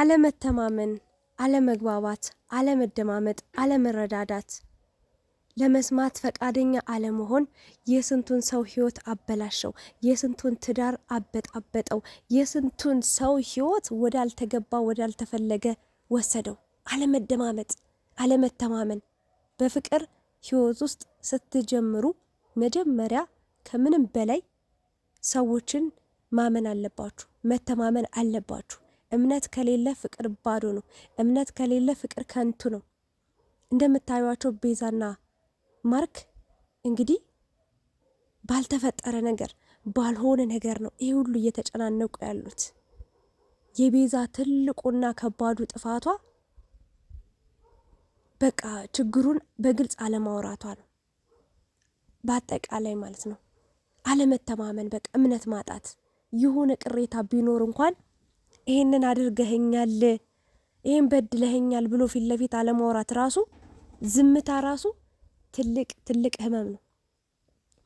አለመተማመን፣ አለመግባባት፣ አለመደማመጥ፣ አለመረዳዳት፣ ለመስማት ፈቃደኛ አለመሆን የስንቱን ሰው ህይወት አበላሸው፣ የስንቱን ትዳር አበጣበጠው፣ የስንቱን ሰው ህይወት ወዳልተገባ ወዳልተፈለገ ወሰደው። አለመደማመጥ፣ አለመተማመን በፍቅር ህይወት ውስጥ ስትጀምሩ መጀመሪያ ከምንም በላይ ሰዎችን ማመን አለባችሁ፣ መተማመን አለባችሁ። እምነት ከሌለ ፍቅር ባዶ ነው። እምነት ከሌለ ፍቅር ከንቱ ነው። እንደምታዩቸው ቤዛና ማርክ እንግዲህ ባልተፈጠረ ነገር ባልሆነ ነገር ነው ይህ ሁሉ እየተጨናነቁ ያሉት። የቤዛ ትልቁና ከባዱ ጥፋቷ በቃ ችግሩን በግልጽ አለማውራቷ ነው። በአጠቃላይ ማለት ነው አለመተማመን፣ በቃ እምነት ማጣት የሆነ ቅሬታ ቢኖር እንኳን ይሄንን አድርገህኛል ይሄን በድለህኛል ብሎ ፊት ለፊት አለማውራት ራሱ ዝምታ ራሱ ትልቅ ትልቅ ህመም ነው።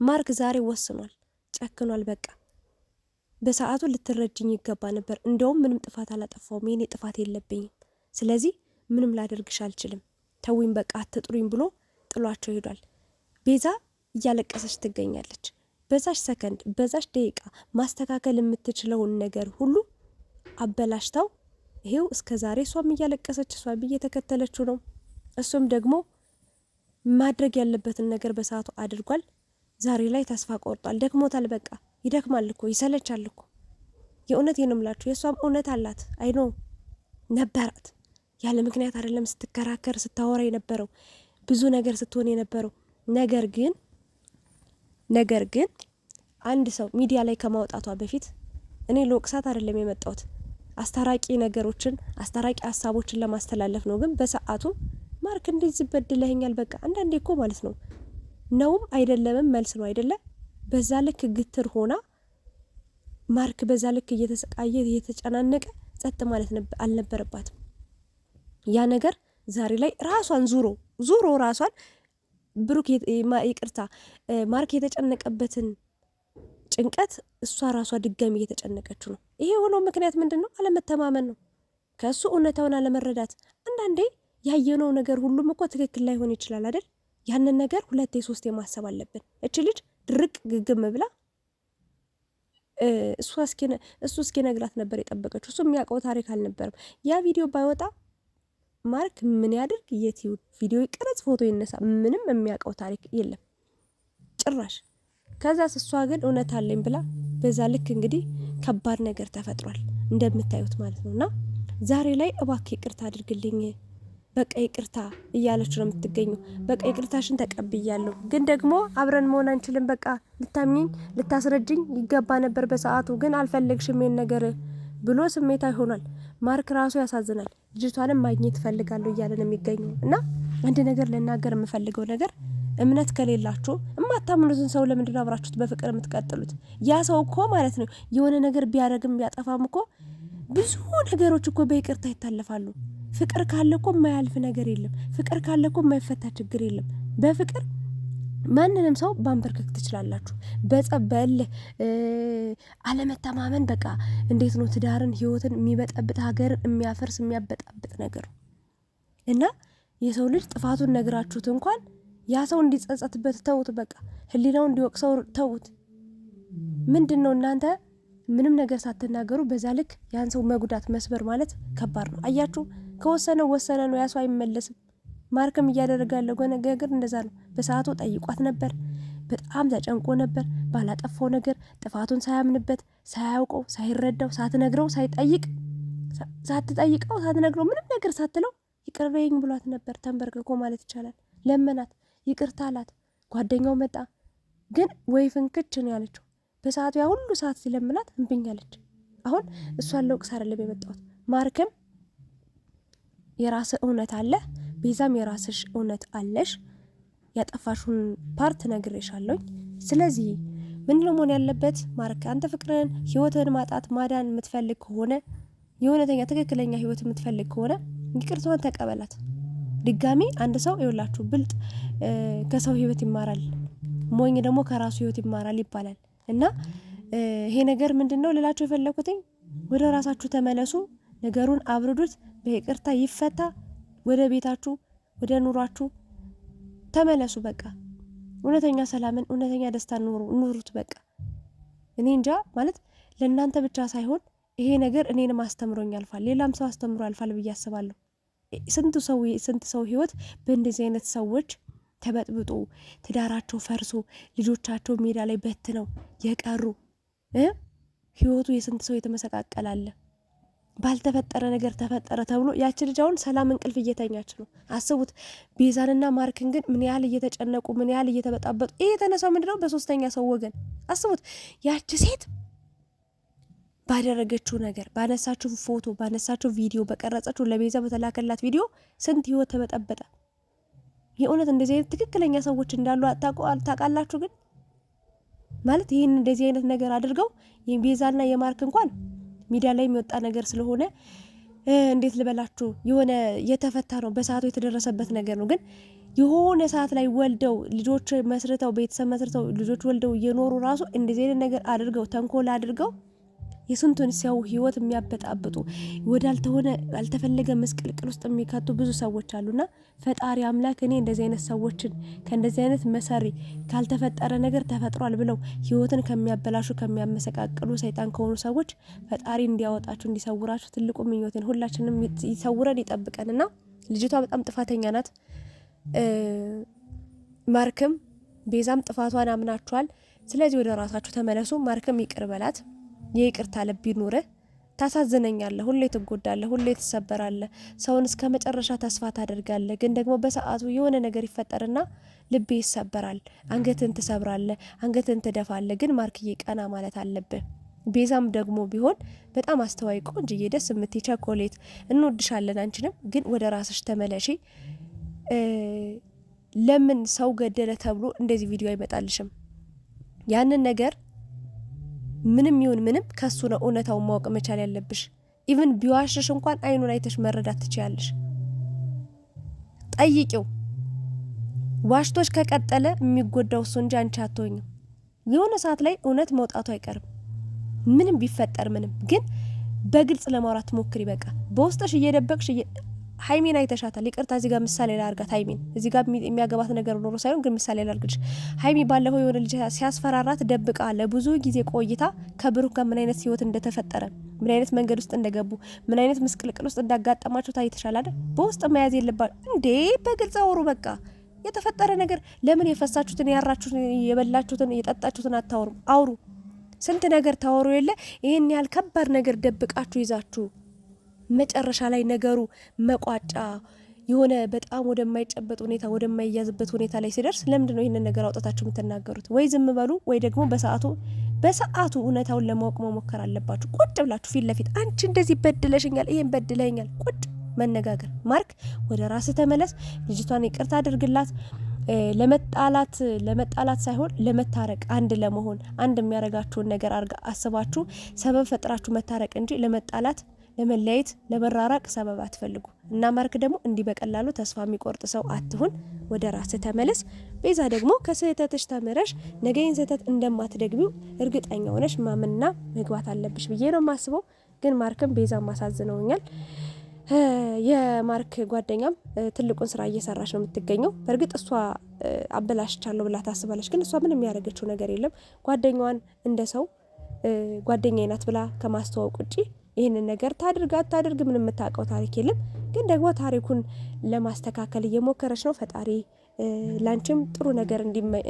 ማርክ ዛሬ ወስኗል፣ ጨክኗል። በቃ በሰዓቱ ልትረጅኝ ይገባ ነበር። እንደውም ምንም ጥፋት አላጠፋውም፣ የኔ ጥፋት የለብኝም፣ ስለዚህ ምንም ላደርግሽ አልችልም፣ ተዊኝ፣ በቃ አትጥሩኝ ብሎ ጥሏቸው ሄዷል። ቤዛ እያለቀሰች ትገኛለች። በዛች ሰከንድ በዛች ደቂቃ ማስተካከል የምትችለውን ነገር ሁሉ አበላሽተው ይሄው እስከ ዛሬ እሷም እያለቀሰች እሷም እየተከተለችው ነው። እሱም ደግሞ ማድረግ ያለበትን ነገር በሰዓቱ አድርጓል። ዛሬ ላይ ተስፋ ቆርጧል። ደክሞታል። በቃ ይደክማል እኮ ይሰለቻል እኮ። የእውነት ነው የምላችሁ። የእሷም እውነት አላት አይኖ ነበራት። ያለ ምክንያት አይደለም ስትከራከር ስታወራ የነበረው ብዙ ነገር ስትሆን የነበረው ነገር ግን ነገር ግን አንድ ሰው ሚዲያ ላይ ከማውጣቷ በፊት እኔ ለወቅሳት አይደለም የመጣሁት አስታራቂ ነገሮችን አስታራቂ ሀሳቦችን ለማስተላለፍ ነው። ግን በሰዓቱ ማርክ እንዴት ዝበድለኸኛል፣ በቃ አንዳንዴ እኮ ማለት ነው ነውም አይደለምም መልስ ነው አይደለ? በዛ ልክ ግትር ሆና ማርክ በዛ ልክ እየተሰቃየ እየተጨናነቀ ጸጥ ማለት አልነበረባትም። ያ ነገር ዛሬ ላይ ራሷን ዙሮ ዙሮ ራሷን ብሩክ ይቅርታ ማርክ የተጨነቀበትን ጭንቀት እሷ ራሷ ድጋሚ እየተጨነቀችው ነው። ይሄ የሆነው ምክንያት ምንድን ነው? አለመተማመን ነው። ከእሱ እውነታውን አለመረዳት። አንዳንዴ ያየነው ነገር ሁሉም እኮ ትክክል ላይሆን ይችላል አይደል? ያንን ነገር ሁለቴ ሶስቴ ማሰብ አለብን። እች ልጅ ድርቅ ግግም ብላ እሱ እስኪነግራት ነበር የጠበቀችው። እሱ የሚያውቀው ታሪክ አልነበረም። ያ ቪዲዮ ባይወጣ ማርክ ምን ያድርግ፣ የት ቪዲዮ ይቀረጽ፣ ፎቶ ይነሳ፣ ምንም የሚያውቀው ታሪክ የለም ጭራሽ። ከዛ እሷ ግን እውነት አለኝ ብላ በዛ ልክ እንግዲህ ከባድ ነገር ተፈጥሯል እንደምታዩት ማለት ነው። እና ዛሬ ላይ እባክህ ይቅርታ አድርግልኝ በቃ ይቅርታ እያለች ነው የምትገኘው። በቃ ይቅርታሽን ተቀብያለሁ፣ ግን ደግሞ አብረን መሆን አንችልም። በቃ ልታምኝኝ ልታስረጅኝ ይገባ ነበር በሰዓቱ ግን አልፈለግሽም ይሄን ነገር ብሎ ስሜታዊ ሆኗል። ማርክ ራሱ ያሳዝናል። ልጅቷንም ማግኘት እፈልጋለሁ እያለ ነው የሚገኘው እና አንድ ነገር ልናገር የምፈልገው ነገር እምነት ከሌላችሁ እማታምኑትን ሰው ለምንድን አብራችሁት በፍቅር የምትቀጥሉት? ያ ሰው እኮ ማለት ነው የሆነ ነገር ቢያደርግም ቢያጠፋም እኮ ብዙ ነገሮች እኮ በይቅርታ ይታለፋሉ። ፍቅር ካለ እኮ የማያልፍ ነገር የለም። ፍቅር ካለ እኮ የማይፈታ ችግር የለም። በፍቅር ማንንም ሰው ባንበርከክ ትችላላችሁ። በጸበል አለመተማመን በቃ እንዴት ነው ትዳርን ህይወትን የሚበጠብጥ ሀገርን የሚያፈርስ የሚያበጣብጥ ነገር እና የሰው ልጅ ጥፋቱን ነግራችሁት እንኳን ያ ሰው እንዲጸጸትበት ተውት። በቃ ህሊናው እንዲወቅሰው ተውት። ምንድን ነው እናንተ ምንም ነገር ሳትናገሩ በዛ ልክ ያን ሰው መጉዳት መስበር ማለት ከባድ ነው። አያችሁ፣ ከወሰነ ወሰነ ነው። ያ ሰው አይመለስም። ማርክም እያደረገ ያለው ነገር እንደዛ ነው። በሰዓቱ ጠይቋት ነበር። በጣም ተጨንቆ ነበር። ባላጠፋው ነገር ጥፋቱን ሳያምንበት፣ ሳያውቀው፣ ሳይረዳው፣ ሳትነግረው፣ ሳይጠይቅ ሳትጠይቀው፣ ሳትነግረው፣ ምንም ነገር ሳትለው ይቅር ብሏት ነበር። ተንበርክኮ ማለት ይቻላል ለመናት። ይቅርታ አላት። ጓደኛው መጣ፣ ግን ወይ ፍንክች ነው ያለችው። በሰዓቱ ያ ሁሉ ሰዓት ሲለምናት እምብኝ አለች። አሁን እሷን ለውቅስ አይደለም የመጣሁት። ማርክም የራስ እውነት አለ፣ ቤዛም የራስሽ እውነት አለሽ። ያጠፋሽውን ፓርት ነግሬሻለሁ። ስለዚህ ምን መሆን ያለበት? ማርክ አንተ ፍቅርን ህይወትን ማጣት ማዳን የምትፈልግ ከሆነ የእውነተኛ ትክክለኛ ህይወት የምትፈልግ ከሆነ ይቅርታዋን ተቀበላት። ድጋሚ አንድ ሰው ይውላችሁ ብልጥ ከሰው ህይወት ይማራል፣ ሞኝ ደግሞ ከራሱ ህይወት ይማራል ይባላል እና ይሄ ነገር ምንድን ነው ልላችሁ የፈለኩትኝ ወደ ራሳችሁ ተመለሱ፣ ነገሩን አብርዱት፣ በይቅርታ ይፈታ፣ ወደ ቤታችሁ ወደ ኑሯችሁ ተመለሱ። በቃ እውነተኛ ሰላምን እውነተኛ ደስታን ኑሩት። በቃ እኔ እንጃ ማለት ለእናንተ ብቻ ሳይሆን ይሄ ነገር እኔንም አስተምሮኝ ያልፋል፣ ሌላም ሰው አስተምሮ ያልፋል ብዬ አስባለሁ። ስንት ሰው ስንት ሰው ህይወት በእንደዚህ አይነት ሰዎች ተበጥብጦ ትዳራቸው ፈርሶ ልጆቻቸው ሜዳ ላይ በትነው የቀሩ ህይወቱ የስንት ሰው የተመሰቃቀላለ ባልተፈጠረ ነገር ተፈጠረ ተብሎ ያቺ ልጅ አሁን ሰላም እንቅልፍ እየተኛች ነው። አስቡት። ቤዛንና ማርክን ግን ምን ያህል እየተጨነቁ ምን ያህል እየተበጣበጡ ይህ የተነሳው ምንድነው በሶስተኛ ሰው ወገን አስቡት። ያቺ ሴት ባደረገችው ነገር፣ ባነሳችሁ ፎቶ፣ ባነሳችሁ ቪዲዮ፣ በቀረጸችሁ ለቤዛ በተላከላት ቪዲዮ ስንት ህይወት ተበጠበጠ። የእውነት እንደዚህ አይነት ትክክለኛ ሰዎች እንዳሉ ታውቃላችሁ። ግን ማለት ይህን እንደዚህ አይነት ነገር አድርገው የቤዛና የማርክ እንኳን ሚዲያ ላይ የሚወጣ ነገር ስለሆነ እንዴት ልበላችሁ የሆነ የተፈታ ነው፣ በሰዓቱ የተደረሰበት ነገር ነው። ግን የሆነ ሰዓት ላይ ወልደው ልጆች መስርተው ቤተሰብ መስርተው ልጆች ወልደው እየኖሩ ራሱ እንደዚህ አይነት ነገር አድርገው ተንኮል አድርገው የስንቱን ሰው ህይወት የሚያበጣብጡ ወዳልተሆነ አልተፈለገ ምስቅልቅል ውስጥ የሚከቱ ብዙ ሰዎች አሉና ፈጣሪ አምላክ እኔ እንደዚህ አይነት ሰዎችን ከእንደዚህ አይነት መሰሪ ካልተፈጠረ ነገር ተፈጥሯል ብለው ህይወትን ከሚያበላሹ ከሚያመሰቃቅሉ ሰይጣን ከሆኑ ሰዎች ፈጣሪ እንዲያወጣችሁ እንዲሰውራችሁ ትልቁ ምኞቴን ሁላችንም ይሰውረን ይጠብቀንና ልጅቷ በጣም ጥፋተኛ ናት። ማርክም ቤዛም ጥፋቷን አምናችኋል። ስለዚህ ወደ ራሳችሁ ተመለሱ። ማርክም ይቅር በላት። የይቅርታ ልብ ይኑር። ታሳዝነኛለህ፣ ሁሌ ትጎዳለህ፣ ሁሌ ትሰበራለህ። ሰውን እስከ መጨረሻ ተስፋ ታደርጋለህ፣ ግን ደግሞ በሰዓቱ የሆነ ነገር ይፈጠርና ልቤ ይሰበራል። አንገትን ትሰብራለህ፣ አንገትን ትደፋለህ። ግን ማርክዬ ቀና ማለት አለብህ። ቤዛም ደግሞ ቢሆን በጣም አስተዋይ ቆንጅዬ፣ ደስ የምትይ ቸኮሌት፣ እንወድሻለን። አንቺንም ግን ወደ ራስሽ ተመለሺ። ለምን ሰው ገደለ ተብሎ እንደዚህ ቪዲዮ አይመጣልሽም? ያንን ነገር ምንም ይሁን ምንም ከሱ ነው እውነታውን ማወቅ መቻል ያለብሽ። ኢቭን ቢዋሽሽ እንኳን አይኑን አይተሽ መረዳት ትችያለሽ። ጠይቂው። ዋሽቶች ከቀጠለ የሚጎዳው እሱ እንጂ አንቺ አትሆኝም። የሆነ ሰዓት ላይ እውነት መውጣቱ አይቀርም። ምንም ቢፈጠር ምንም፣ ግን በግልጽ ለማውራት ሞክሪ። በቃ በውስጥሽ እየደበቅሽ ሀይሜን አይተሻታል። ይቅርታ እዚህ ጋር ምሳሌ ላርጋት። ሀይሜን እዚህ ጋር የሚያገባት ነገር ኖሮ ሳይሆን ግን ምሳሌ ላርግች። ሀይሜ ባለፈው የሆነ ልጅ ሲያስፈራራት ደብቃ ለብዙ ጊዜ ቆይታ ከብሩክ ጋር ምን አይነት ህይወት እንደተፈጠረ ምን አይነት መንገድ ውስጥ እንደገቡ ምን አይነት ምስቅልቅል ውስጥ እንዳጋጠማቸው ታይተሻል አይደል? በውስጥ መያዝ የለባል እንዴ! በግልጽ አውሩ በቃ። የተፈጠረ ነገር ለምን የፈሳችሁትን ያራችሁትን የበላችሁትን የጠጣችሁትን አታወሩም? አውሩ። ስንት ነገር ታወሩ የለ ይህን ያህል ከባድ ነገር ደብቃችሁ ይዛችሁ መጨረሻ ላይ ነገሩ መቋጫ የሆነ በጣም ወደማይጨበጥ ሁኔታ ወደማይያዝበት ሁኔታ ላይ ሲደርስ ለምንድን ነው ይህንን ነገር አውጥታችሁ የምትናገሩት? ወይ ዝም በሉ ወይ ደግሞ በሰዓቱ በሰዓቱ እውነታውን ለማወቅ መሞከር አለባችሁ። ቁጭ ብላችሁ ፊት ለፊት አንቺ እንደዚህ በድለሽኛል፣ ይህን በድለኛል፣ ቁጭ መነጋገር። ማርክ ወደ ራስ ተመለስ፣ ልጅቷን ይቅርታ አድርግላት። ለመጣላት ለመጣላት ሳይሆን ለመታረቅ አንድ ለመሆን አንድ የሚያደርጋችሁን ነገር አርጋ አስባችሁ ሰበብ ፈጥራችሁ መታረቅ እንጂ ለመጣላት ለመለያየት ለመራራቅ ሰበብ አትፈልጉ እና ማርክ ደግሞ እንዲህ በቀላሉ ተስፋ የሚቆርጥ ሰው አትሁን። ወደ ራስ ተመለስ። ቤዛ ደግሞ ከስህተትሽ ተምረሽ ነገይን ስህተት እንደማትደግቢው እርግጠኛ ሆነሽ ማመንና መግባት አለብሽ ብዬ ነው የማስበው። ግን ማርክም ቤዛ ማሳዝነውኛል። የማርክ ጓደኛም ትልቁን ስራ እየሰራች ነው የምትገኘው። በእርግጥ እሷ አበላሽቻለሁ ብላ ታስባለች፣ ግን እሷ ምንም ያደረገችው ነገር የለም። ጓደኛዋን እንደ ሰው ጓደኛ ናት ብላ ከማስተዋወቅ ውጪ ይህንን ነገር ታድርግ አታድርግ ምን የምታውቀው ታሪክ የለም። ግን ደግሞ ታሪኩን ለማስተካከል እየሞከረች ነው። ፈጣሪ ላንቺም ጥሩ ነገር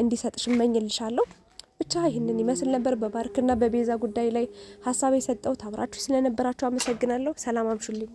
እንዲሰጥሽ እመኝልሻለሁ። ብቻ ይህንን ይመስል ነበር በባርክና በቤዛ ጉዳይ ላይ ሀሳብ የሰጠሁት። ታብራችሁ ስለነበራችሁ አመሰግናለሁ። ሰላም አምሹልኝ።